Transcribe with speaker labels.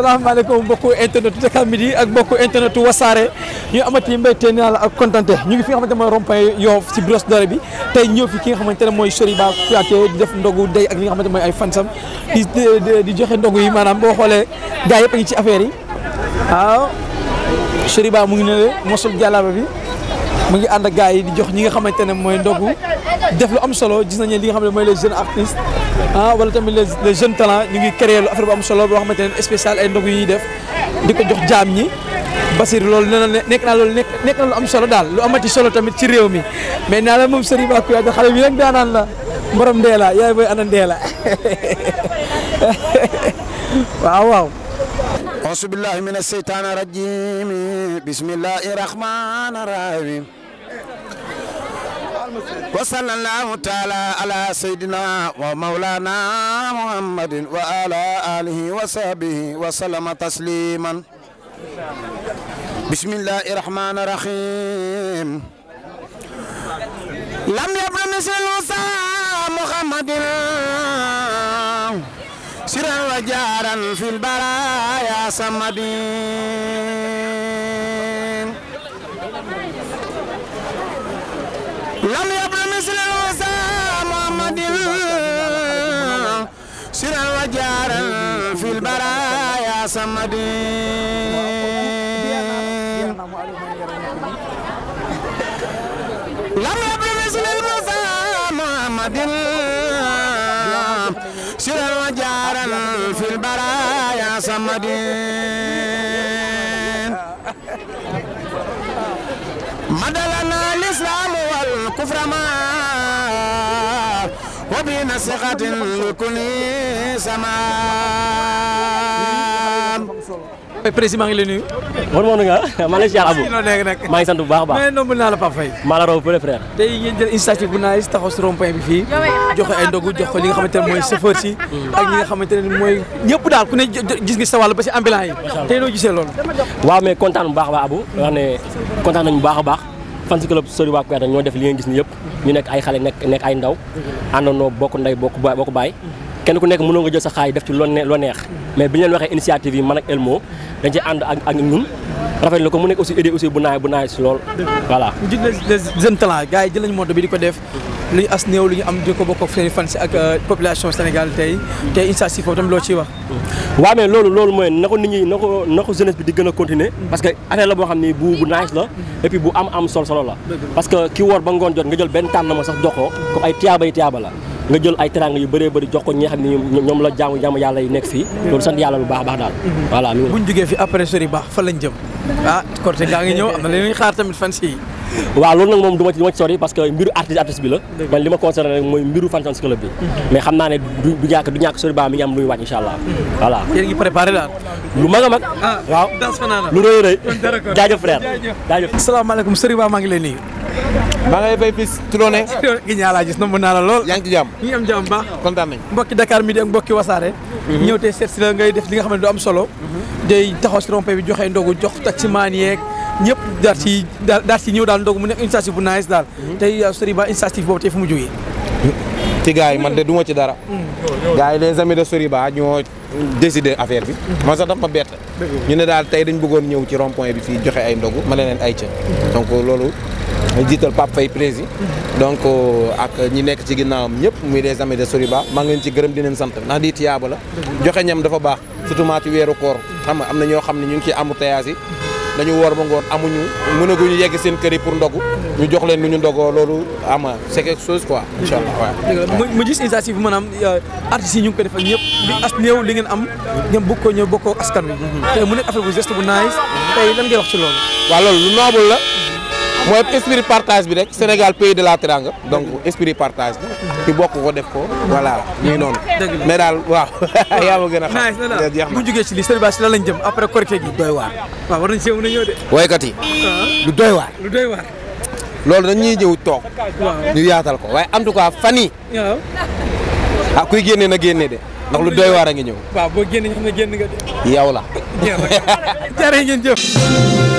Speaker 1: salaamaaleykum mbokku internet u Dakar Midi ak mbokku internet u wasaare ñu amati mbégte naa la ak kontante ñu ngi fi nga xamante mooy rond-point Yoff si Brosse Dorée bi fi ki nga xamante ne mooy Soriba Kouyaté di def ndogu day ak li nga xamante mooy ay fansam di joxe ndogu yi maanaam boo xoolee gars yëpp a ngi ci affaire yi waaw Soriba mu ngi ne mosul jàllaaba bi mu ngi ànd ak yi di jox ñi nga xamante ne mooy ndogu def lu am solo gis nañu li nga xam ne mooy les jeunes artistes ah wala tamit les les jeunes talents ñu ngi créé lu affaire bu am solo boo xamante ne spécial ay ndogu yi def di ko jox jaam ñi. Basir loolu nee na nekk na lu am solo daal lu amati solo tamit ci réew mi mais naa la moom Serigne Ba Kouyaté xale bi nag daanaan la borom Ndeela yaay booy ana Ndeela
Speaker 2: waaw waaw. auzu billahi mina seytaani rajiim bismillahi rahmaani rahiim. wa sallallahu taala ala sayyidina wa maulana muhammadin wa ala wa sahbihi wa sallama tasliman bismillahi rahmani rahim lam yabra misl musa muhammadin siran wa jaran fil baraya samadin وجارا في البرايا صمدين لم يبل مثل المصطفى محمد سرا وجارا في البرايا صمدين مدلنا الاسلام والكفر ما وبنصيحة لكل زمان
Speaker 3: eh, président ngi lay ni war ma woon nga maa ngi lay ziar maa ngi sant bu baax a baax. mais nomb naa la Pape Faye. maa la raw bële frère. tey bu naaj taxaw si rond-point bi fii jox ko ay ndogu jox ko li nga xamante ne mooy chauffeur si. ñi nga xamante ne mooy ñëpp daal ku ne gis ngi sa ba si ambulant yi. tey noo gisee loolu. waaw mais kontaan bu baax a baax Abou. wax ne kontaan nañu bu baax a baax. fan si club Sori waa Kouyaté ñoo def li ngeen gis ni yëpp ñu nekk ay xale nekk nekk ay ndaw àndandoo bokk ndey bokk bokk baay kenn ku nekk mënoo nga jël sa xaay def ci loo loo neex mais bi ñu leen waxee initiative yi man ak Elmo dañ ci ànd ak ak ñun rafet la ko mu nekk aussi idée aussi bu naay bu naay si lool voilà jeunes talent gars yi jël nañu moto bi di ko def lu ñu as néew lu ñu am di ko bokk ak seen fan si ak euh, population Sénégal tey tey incha si foofu tamit loo ciy wax. waaw mais loolu loolu mooy na ko nit ñi na ko na bi di gën a continuer. parce que affaire la boo xam ni bu nice la. et puis bu am am sol solo la. parce que ki woor ba ngoon jot nga jël benn tànn ma sax jox ko ay tiyaaba yi tiyaaba la. nga jël ay teranga yu bëree bëri jox ko ñoom la jaamu jaamu yàlla yi nekk fii. loolu sant yàlla bu baax waaw loolu nag moom du ma ci du ma ci sori parce que mbiru artiste artiste bi la man li ma concerné rek mooy mbiru fan club bi mhm. mais xam naa ne du ñàkk sori baa mi ngi am luy mhm. a mag ah, waaw
Speaker 1: lu rëy rëy jaajëf frère
Speaker 3: jaajëf asalaamaaleykum maa ngi lay nuyu
Speaker 1: maa ngi lay gi ñaa laa gis nomb naa la lool. yaa ngi ci jàmm ñu ngi am jàmm mbokki Dakar Midi ak mbokki Wasaare. Mhm. ñëw tey seet si la ngay def li nga xam ne du am solo. day taxaw si rompé bi joxe ndogu jox taximaan yeeg. ñëpp daal ci daal ci ñëw daal ndogu mu nekk initiative bu nice daal mhm. tey euh, sori ba initiative boobu tey fu mu jógee
Speaker 4: ci gars yi man de duma ci dara mhm. gaa yi les amis de Soriba ñoo décidé affaire bi mhm. man sax dafa ma bett ñu ne daal tey dañ bëggoon ñëw ci rond bi fii joxe ay ndogu ma ne leen ay ca donc loolu jiital Pape Faye prési donc euh, ak ñi nekk ci ginnaawam ñëpp muy les amis de Soriba maa ngi leen ci gërëm di leen sant ndax di tiyaaba la joxe ñam dafa baax surtout maa ci weeru koor xam nga am na ñoo xam ne ñu ngi ciy embouteillage yi dañu woor ba ngoon amuñu ñu yegg seen kër yi pour ndogu ñu jox leen lu ñu ndogoo loolu ama c'est quelque chose quoi incha allah
Speaker 1: mu gis initiative bi maanaam euh, artistes yi ñu ngi ko defal ñëpp li as néew li ngeen am ngeen bokk ko ñëw bokk askan wi mhm. tey mu nekk affaire bu geste bu nice tey lan ngay wax ci loolu waaw loolu lu noble la mooy esprit partage
Speaker 4: bi rek Sénégal pays de la Teranga donc esprit partage bi ci bokk ko def ko voilà ñuy noonu mais daal
Speaker 1: waaw yaa a xam bu jógee ci lii sëriñ si lan lañ jëm après korité gi doy waar waaw war a ñëw de waykat yi ah. lu doy waar lu doy waar loolu
Speaker 4: dañuy ñëw toog ñu yaatal ko waaye en tout cas fan yi ah kuy génnee na génnee de ndax lu doy waar a ngi ñëw
Speaker 1: waaw boo génnee génn yow la